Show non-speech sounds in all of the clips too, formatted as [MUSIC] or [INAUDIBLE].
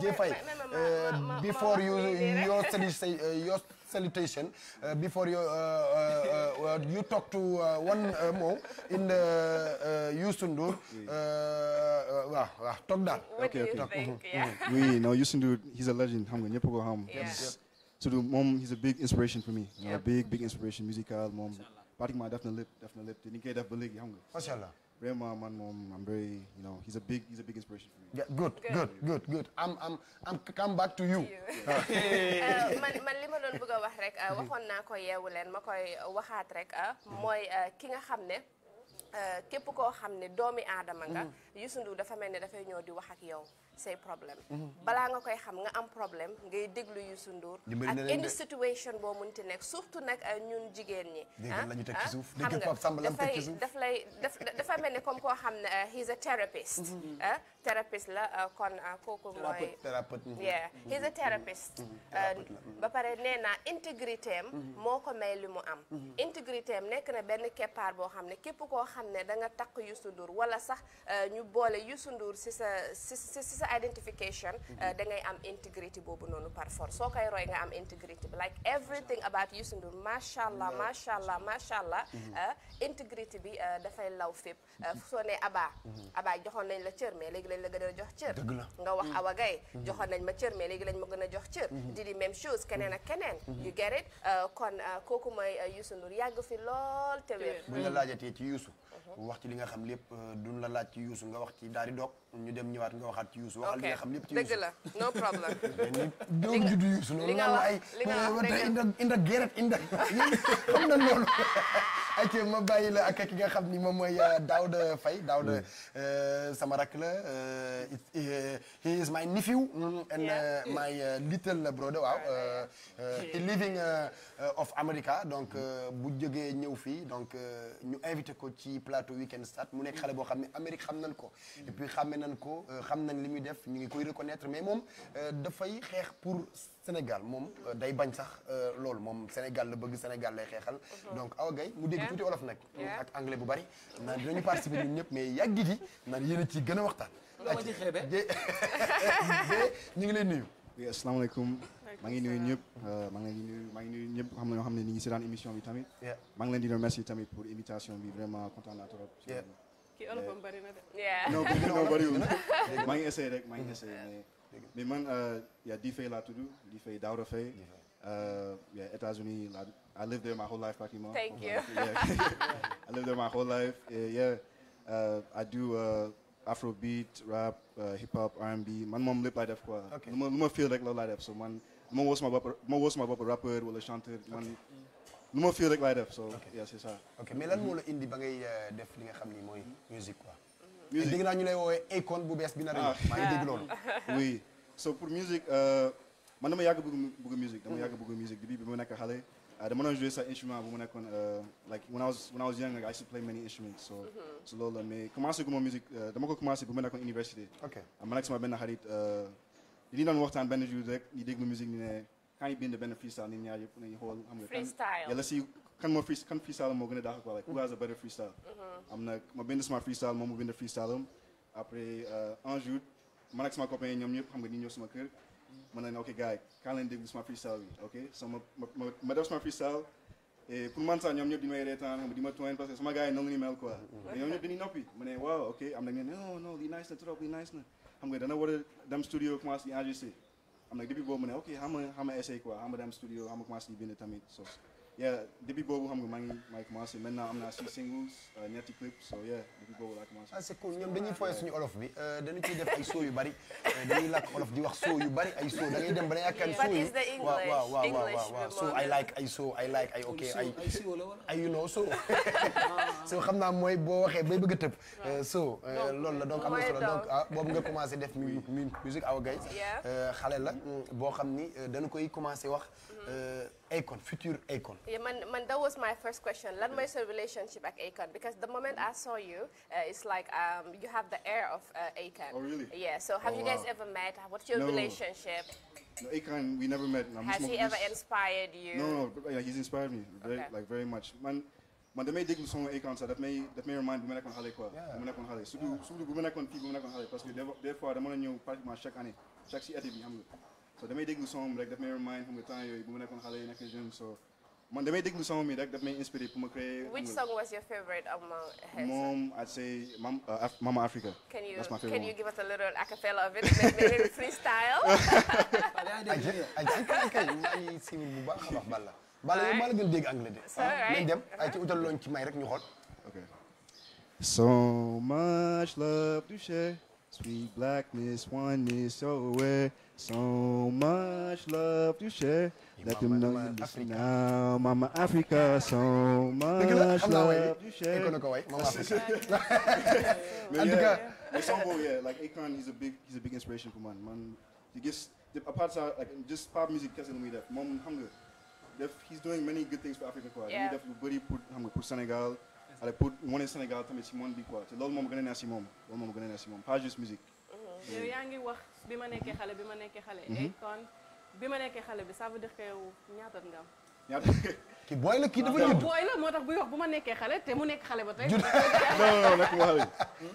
Jay Faye euh, before you your your salutation before you you talk to euh, one euh, more in the Youssou Ndour waaw waaw toog daal mm-hmm. Mm-hmm. oui no Youssou Ndour he's a legend xam nga ñëpp ko xam surtout moom he's a big inspiration for me big big inspiration musical moom pratiquement def na lépp def na lépp te ni ñu koy def ba léegi xam nga macha allah vraiment man moom I'm very you know he's a big he's a big am am am come back [LAUGHS] uh, li ma doon bëgg wax rek uh, waxoon naa ko yeewu leen ma koy waxaat rek uh, mooy ki nga xam ne. képp koo xam ne doomi aadama nga. Mm-hmm. Youssou Ndour dafa mel ni dafay ñëw di wax ak yow. say problème mm-hmm. balaa nga koy xam nga am problème ngay déglu Youssou Ndour ak indi situation boo munti nekk surtout nag eh, ñun jigéen ñi ah, lañu teg ci ah, suuf xam nga dafay daf lay daf dafa mel ni comme koo xam ne eh, he's a therapist ah therapist la kon kooku mooy thérapeute mm-hmm. yeah he's a therapist ba pare nee naa intégrité moo ko may li mu am intégrité nekk na benn keppaar boo xam ne képp koo xam ne danga takk Youssou Ndour wala sax ñu boole Youssou Ndour si sa si sa identification mhm. euh, da ngay am intégrité boobu noonu par force soo koy roy nga am intégrité bi like everything about Youssou Ndour macha allah macha allah macha allah euh, intégrité bi euh, dafay law fépp mhm. soo nee Abba mhm. Abba joxoon nañ la cër mais léegi lañ la gën a jox cër nga wax Awa Gaye joxoon nañ ma cër mais léegi lañ ma gën a jox cër di di même chose keneen ak keneen you get it kon kooku mooy Youssou Ndour yàgg fi lool te wér bu ñu laajatee ci Youssou wax ci li nga xam lépp euh, duñ la laaj ci Youssou nga wax ci daal di doog ñu dem ñëwaat nga waxaat ci Youssou waxal li nga xam lépp ci Youssou dëgg la no problem [LAUGHS] doom juddu Youssou loolu li nga wax li inda geret [LAUGHS] inda xam loolu ak ma bàyyi la ak ki nga xam ni moom mooy euh, Daouda Faye Daouda euh, sama rak la euh, he is my nephew mm, and my little brother waaw he living of America donc bu jógee ñëw fii donc ñu invité ko ci plateau Weekend Start mu nekk xale boo xam ne Amérique xam nañ ko et puis xamme nañ ko xam nañ li muy def ñu ngi koy reconnaître mais moom dafay xeex pour Sénégal moom euh, day bañ sax euh, loolu moom Sénégal la bëgg Sénégal lay xeexal. Mhm. donc Awa Gaye mu dégg tuuti olof nag. ak anglais bu bari. naan dinañu participer ñun ñëpp mais yàgg gi naan yéen a ci gën a waxtaan. loo ma ci xeebe [LAUGHS] ñu ngi lay nuyu. oui asalaamaaleykum. maa ngi nuyu ñëpp euh, maa ngi leen di nuyu maa ngi nuyu ñëpp xam nañoo xam ne ñu ngi si daan émission bi tamit. maa ngi leen di remercier tamit pour invitation bi vraiment kontaan naa trop. kii olofam bari na de. non [LAUGHS] non bariwul [LAUGHS] maa ngi essayé rek maa ngi essayé mais. mais man yaa di fay laa tudd di fay Daouda Faye. Euh, yaa États-Unis laa I lived there my whole life pratiquement. thank you [LAUGHS] I lived there my whole life yeah euh, I do euh, afrobeat rap hip hop R&B man moom lépp laay def quoi. ok lu ma lu ma feel rek loolu laay def so man lu ma woo sama bopp lu ma woo sama bopp rappeur wala chanteur man. lu ma feel rek laay def so. ok yeah c'est ça. ok mais lan moo la indi ba ngay def li nga xam ni mooy musique quoi. musique dégg naa ñu lay woowee icône bu bees bi na ah. maa ngi dégg loolu. [LAUGHS] oui so pour musique euh, man dama yàgg bëgg bëgg musique dama yàgg bëgg musique depuis bi ma nekk xale. Euh, dama doon joué sa instrument bu ma nekkoon euh, like when I was when I was young like I used to play many instruments so mm-hmm. so loolu la mais commencé gu ma musique dama ko commencé bu ma nekkoon université. ok ma nekk sama benn xarit li ñu doon waxtaan benn jour rek ñu déglu musique ñu ne. quand you bind benn freestyle nit ñaar yëpp nañu xool am nga freestyle yàlla si kan moo free kan freestyle moo gën a daax quoi like who has a better freestyle mm-hmm. am na ma bind freestyle moom mu freestyle après euh, un jour man ak sama copain yi ñoom ñëpp xam nga ni ñëw freestyle bi ok so ma ma ma freestyle et pour man sax ñoom ñëpp di may reetaan xam nga di ma tuween parce que sama gars yi noonu ni mel quoi mais ñoom ñëpp dañuy noppi ma ne waaw ok am a am nag depuis boobu mu ne ok xam nga xam nga essayé quoi xam nga dem studio xam nga commencé di bind tamit sos yeah depuis boobu xam nga maa ngi maa am naa suñu singles euh, ñetti so yeah depuis boobu laa ah, suñu olof bi euh, dañu ciy def ay soo yu bari euh, dañuy làkk olof di wax soo yu bari ay soo da ngay dem ba ne ak ay yu waaw waaw waaw waaw waaw so I like ay so I ay ok ay ay you so [LAUGHS] so xam naa mooy boo waxee bay bëgg a tëb so loolu la donc am na solo donc ah, boobu nga commencé def mu mu musique aw gay xale la boo xam ni dañu koy commencé wax. Mm. Akon future Akon. Yeah, man, man, that was my first question. Lan mooy sa relationship ak Akon because the moment I saw you, uh, it's like um, you have the air of uh, Akon. Oh really? Yeah. So have oh, you guys wow. ever met? What's your no. relationship? No, Akon, we never met. Nah, Has he ever inspired you? No, no, yeah, he's inspired me very, okay. like very much. Man, man damay déglu son Akon sax daf may daf may remind bu ma nekkoon xale quoi. bu ma nekkoon xale surtout surtout bu ma nekkoon fii bu ma nekkoon xale parce que des fois dama la ñëw pratiquement chaque année chaque si été bi xam nga. so damay déglu son rek daf may remind xam nga temps yooyu bu ma nekkoon xale yi nekk jeune so man damay déglu son mi rek daf may inspiré pour ma créer. which song was your favorite among her? moom I'd say Mam uh, Af Mama Africa. can you can you give us a little acapella of it maybe freestyle. [LAUGHS] bu baax a baax Balla. Balla yow maa la gën dégg anglais de. Ah, nañ dem uh-huh. ay ci utal looñ ci may rek ñu xool. ok. so much love to share. Sweet blackness, oneness, so aware. So much love to share. Hey, Let them know you listen now. Mama Africa, so much love to share. They're gonna go away. Mama Africa. yeah, [LAUGHS] yeah. It's so cool, yeah. Like Akon, he's a big, he's a big inspiration for man. Man, he gets apart from like just pop music doesn't mean that. Mom, hunger. He's doing many good things for African culture. Yeah. He definitely put Senegal. xale pour wane Sénégal tamit si monde bi quoi te loolu moom gën a neex si moom loolu moom gën a neex si moom pas juste musique. Mm-hmm. yow yaa ngi wax bi ma nekkee xale bi ma nekkee xale. Mm-hmm. kon bi ma nekkee xale bi ça veut dire que yow ñaata nga am. ñaata. [LAUGHS] kii booy la kii dafa judd booy la moo tax buy wax bu ma nekkee xale te mu nekk xale ba tey. judd [LAUGHS] non non nag ma xale.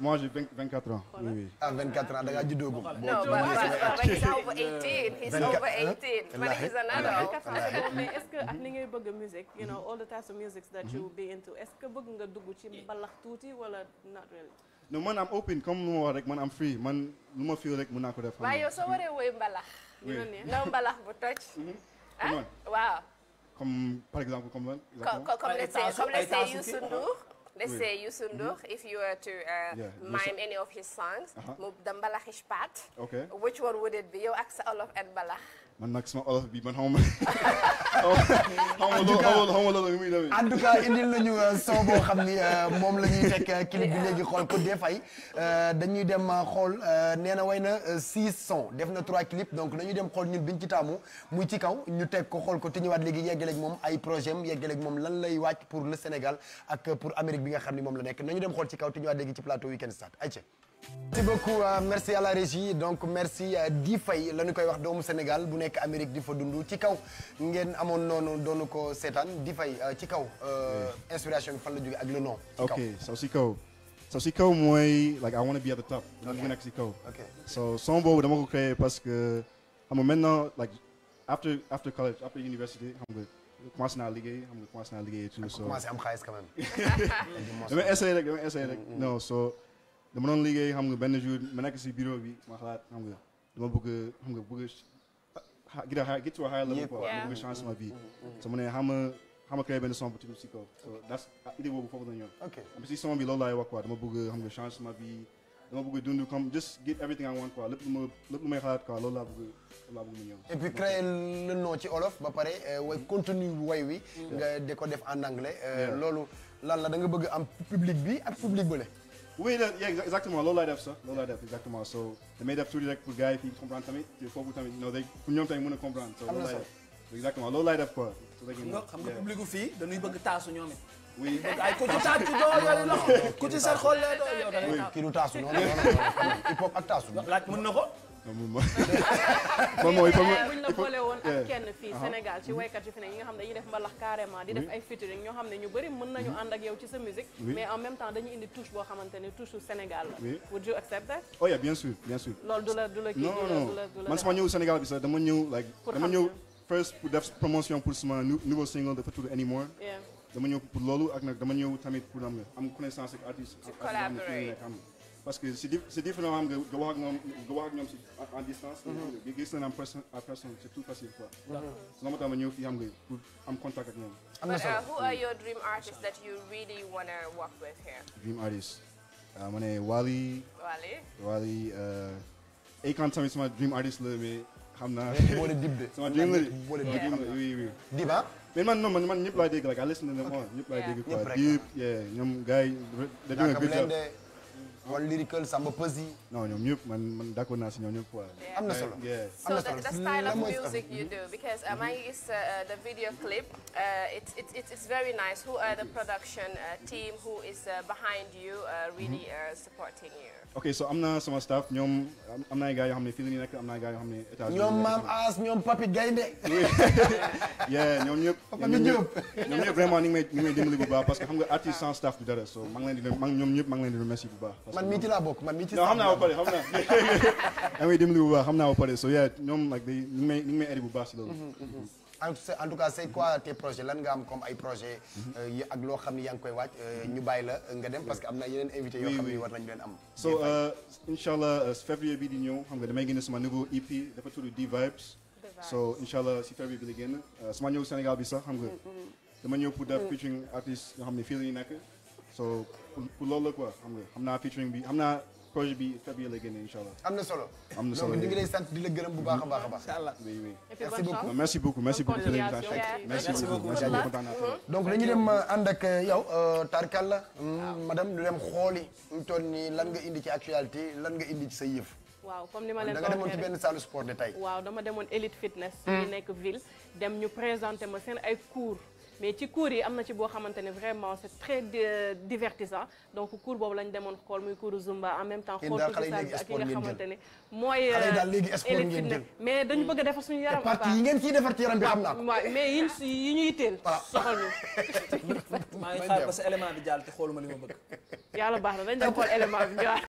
moi j'ai vingt quatre ans. oui oui ah vingt quatre ans da ngaa juddoo ko. boo ci ma nekkee he's over eighteen. he's over eighteen. but he's an adult. mais est-ce que ak li ngay bëgg musique you know all the types of music that you mm-hmm. be into est-ce que bëgg nga dugg ci mbalax tuuti wala not really. non man am open comme lu ma wax rek man am free man lu ma fii rek mën naa ko def. waaye yow soo waree woy mbalax. oui mbalax bu toj. Mm-hmm. ah waaw. comme par exemple comme euh, lan. exactement comme let's say comme let's say Youssou if you were to uh, mime any of his songs. Uh-huh. mu da mbalaxis paat. ok which would it be yow ak sa olof and mbalax. man nag sama olof bi man xamuma. [LAUGHS] en tout cas en tout cas indil nañu euh, son boo xam ni euh, moom la ñuy fekk euh, clip bi léegi xool ko dee fay dañuy dem xool nee na way na six cent def na trois clips donc dañuy dem xool ñun biñ ci taamu muy ci kaw ñu teg ko xool ko te ñëwaat léegi yeggaleeg moom ay projet am yeggaleeg moom lan lay wàcc pour le Sénégal ak pour Amérique bi nga xam ni moom la nekk nañu dem xool ci kaw te ñëwaat léegi ci plateau Weekend Start ay merci beaucoup euh, merci à la régie donc merci euh, di fay la ñu koy wax doomu Sénégal bu nekk Amérique di fa dund ci kaw ngeen amoon noonu doonu ko seetaan di fay euh, ci kaw. inspiration bi fan la jógee ak le nom. ok so si kaw so si kaw mooy like I want to be at top. ok mu nekk si kaw. ok so son boobu dama ko créé parce que a nga maintenant like after after college after university xam nga. commencé naa liggéey xam nga commencé naa liggéey et tout. Ah, am xaalis quand même. [LAUGHS] [LAUGHS] damay essayé dama doon liggéey xam nga benn jour ma nekk si bureau bi ma xalaat xam nga dama bëgg xam nga bëgg a gida a git wa xaaya la quoi ma bëgg bi so mu ne xam nga xam nga créé benn son bu tudd si ko so das idée boobu foofu na ñëw am si son bi loolu laay wax quoi dama bëgg xam changement bi dama bëgg dund comme just get everything I want quoi lépp lu ma lépp lu may xalaat quoi loolu laa bëgg loolu laa bëgg mu ñëw et puis créer le nom ci olof ba pare way contenu way wi nga di ko def en anglais loolu lan la da nga bëgg am public bi ak public bële oui yeah, exactement loolu laay def sax loolu laay def exactement so damay def tuuti rek pour gars yi fii comprendre tamit foofu tamit non day pour ñoom tamit mën a comprendre. so loolu laay def exactement loolu laay def quoi. xam nga public gu fii dañuy bëgg taasu ñoom it. oui [LAUGHS] ay ku ci taasu doo [LAUGHS] yore loxo ku ci seen xol lee doo yow da ngay taasu. kii du taasu noonu. hip hop ak taasu. laaj mën na ko. moom mooy il la boole woon ak kenn yi uh-huh. uh-huh. fi ne xam ne dañuy def mbalax carrément di def ay featuring ñoo xam ne ñu bëri mën nañu ànd ak yow ci sa musique mais en même temps dañuy indi touche boo xamante ne touche Sénégal la would you accept that oh yeah bien sûr bien sûr loolu du la du la kii non non man sama ñëw Sénégal bi sax dama ñëw like dama ñëw first pour def promotion pour sama nouveau single dama ñëw pour loolu ak nag tamit pour am am connaissance ak parce que c'est c'est différent am nga nga wax ak ñoom mm-hmm. nga si tout facile quoi. d'accord moo ma ñëw fii am nga pour am contact ak ñoom. am uh, who are your dream artists that you really wanna work with here? dream artists ah, ma ne Wally. Wally Wally euh, Akon tamit sama dream artist la mais xam naa. moo leen [LAUGHS] dib de sama dream la oui oui. Diba. Ah? mais man non man man ñëpp laa dégg like I listen to them all ñëpp laa dégg quoi. ñëpp ñoom gars yi. wala lyrical Samba Peuzzi. non ñoom ñëpp man man d'accord naa si ñoom ñëpp quoi. am na solo am na solo so the, the style of mm. music you do because maa ngi gis the video clip uh, it's it's it's very nice who are the production uh, team who is uh, behind you uh, really mm-hmm. uh, supporting you. ok so am na sama staff ñoom am na ay gars yoo xam ne fii la ñu nekk am na ay gars yoo xam ne état. ñoom maam As ñoom Papi Gaynde. [LAUGHS] yeah ñoom ñëpp. ñoom ñëpp ñoom ñëpp vraiment ñu ngi may ñu ngi may dimbali bu baax parce que xam nga artiste sans staff du dara so maa ngi leen di maa ngi ñoom ñëpp maa ngi leen di remercier bu baax. man mii ci laa bokk man mii ci. non xam naa ba pare xam naa. amee [LAUGHS] dimbali bu baax xam naa ba pare so yaa ñoom nag may ñu bu baax si loolu. Mm-hmm, mm-hmm. en tout cas c'est quoi tes projets lan nga am comme ay projet yi mm-hmm. euh, ak loo xam ni yaa ngi koy waaj euh, ñu bàyyi la euh, nga dem parce que am na yeneen invité yoo xam ni war nañu leen am. so incha allah février bi di ñëw xam nga damay génne sama nouveau EP dafa tudd D Vibes. so incha allah si février bi la génn sama ñëw Sénégal bi sax xam nga. dama ñëw pour def featuring artiste yoo xam ne fii la ñu nekk. so pour loolu la quoi xam nga bi xam am na solo am na solo donc sant di la gërëm bu baax a baax a baax. incha allah oui oui. merci beaucoup merci beaucoup dañu dem euh, ànd ak euh, yow euh, Tarkal la. Hmm, madame dem xooli. ñu toll nii lan nga indi ci actualité lan nga indi ci sa yëf. waaw comme ni ma leen ko waxee da nga demoon benn salle sport de tey. waaw dama demoon Elite Fitness. Hmm. ñu nekk ville dem ñu présenté ma seen ay cours. mais ci cours yi am na ci boo xamante ne vraiment c'est très divertissant donc cours boobu lañ demoon xool muy cours Zumba en même temps xool bi ak yi nga xamante mooy euh, élite fitness mais dañu bëgg a defar suñu yaram parti yi ngeen ciy defar ci bi am naa ko waaw mais yi ñu yitteel soxal ñu maa ngi xaar parce que élément bi jàll te xooluma li ma bëgg yàlla baax na dañ dem xool élément bi ñëwaat